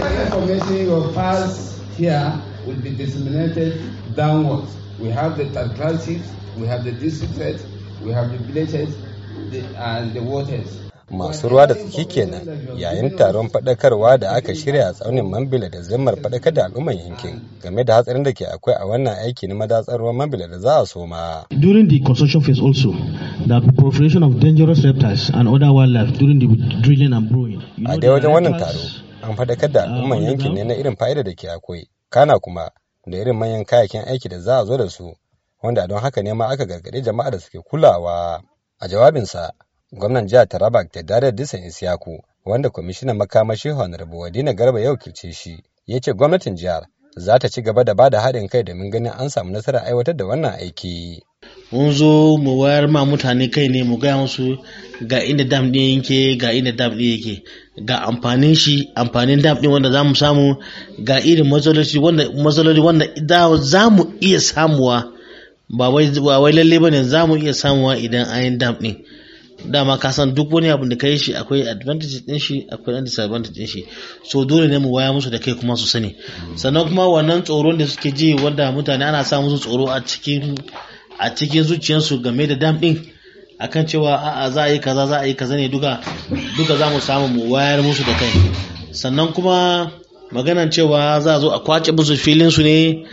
the information you pass here will be disseminated downwards. We have the townships, we have the districts, we have the villages, the, and the waters. masu ruwa da tsaki kenan yayin taron faɗakarwa da aka shirya a tsaunin mambila da zimmar faɗakar da al'umman yankin game da hatsarin da ke akwai a wannan aiki na madatsar ruwan mambila da za a soma. During the construction phase also, the proliferation of dangerous reptiles and other wildlife during the drilling and brewing. A dai wajen wannan taro, an faɗakar da al'umman yankin ne na irin fa'idar da ke akwai kana kuma da irin manyan kayakin aiki da za a zo da su wanda don haka ne ma aka gargaɗe jama'a da suke kulawa a jawabinsa gwamnan jihar taraba ta dare disan isiyaku wanda kwamishinan makamashi honorable wadina garba yau kirce shi ya ce gwamnatin jihar za ta ci gaba da ba da haɗin kai domin ganin an samu nasarar aiwatar da wannan aiki mun zo mu wayar ma mutane kai ne mu gaya musu ga inda dam ɗin yake ga inda dam ɗin yake ga amfanin shi amfanin dam ɗin wanda za mu samu ga irin matsaloli wanda matsaloli wanda za mu iya samuwa ba wai lalle ba ne za mu iya samuwa idan an yi dam ɗin dama ka san duk wani abu da ka yi shi akwai advantage din shi akwai ɗan disadvantage shi so dole ne mu waya musu da kai kuma su sani sannan kuma wannan tsoron da suke ji wanda mutane ana sa musu tsoro a cikin a cikin zuciyarsu game da dam din akan cewa a'a za a yi kaza za a yi kaza ne duka duka za mu samu wayar musu da kai sannan kuma maganan cewa za a zo a kwace musu filin su ne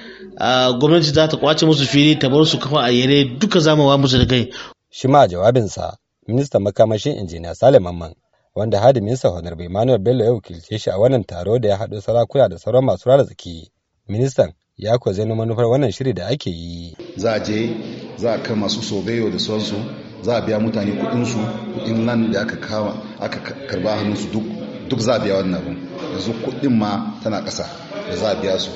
gwamnati za ta kwace musu fili ta bar su kafa a yare duka za mu wa musu da kai shi ma jawabinsa ministan makamashin injiniya salim amman wanda hadi hadiminsa honorable emmanuel bello ya wakilce shi a wannan taro da ya haɗo sarakuna da sauran masu rara tsaki ministan ya kwa zai manufar wannan shiri da ake yi za a je za a kama su sobeyo da sonsu za a biya mutane kudinsu kudin nan da aka kawo aka karba hannunsu duk duk za a biya wannan abin yanzu kudin ma tana kasa da za a biya su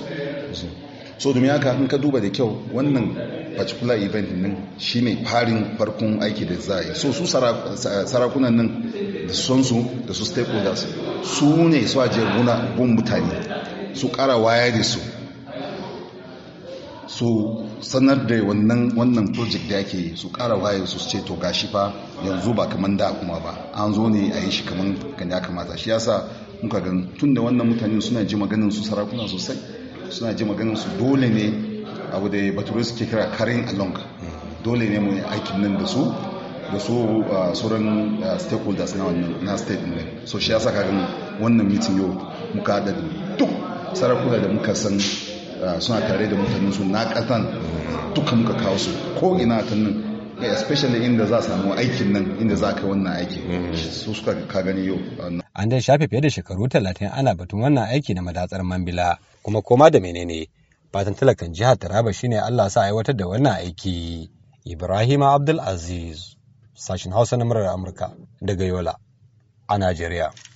so domin haka in ka duba da kyau wannan particular event din ne farin farkon aiki da za a yi so su sarakunan nan da sonsu da su stakeholders su ne su a guna gun mutane su kara waya da su su sanar da wannan wannan project da yake su kara waye su ce to gashi fa yanzu ba kaman da kuma ba an zo ne a yi shi kaman kan ya kamata shi yasa muka ga tun da wannan mutanen suna ji maganin su sarakuna sosai suna ji maganin su dole ne abu da bature suke kira carrying along dole ne mu aikin nan da su da su ah, sauran ah, stakeholders na wannan na state din so shi yasa kaga wannan meeting yau muka da duk sarakuna da muka san Eh, suna tare da mutanen su na ƙasan duka muka kawo su ko ina ta nan eh, especially inda za samu aikin nan inda za kai wannan aiki su suka ka gani yau an dai shafe fiye da shekaru talatin ana batun wannan aiki na madatsar mambila kuma koma da menene fatan talakan jihar taraba shine allah sa aiwatar da wannan aiki ibrahim abdul aziz sashin hausa na murar amurka daga yola a najeriya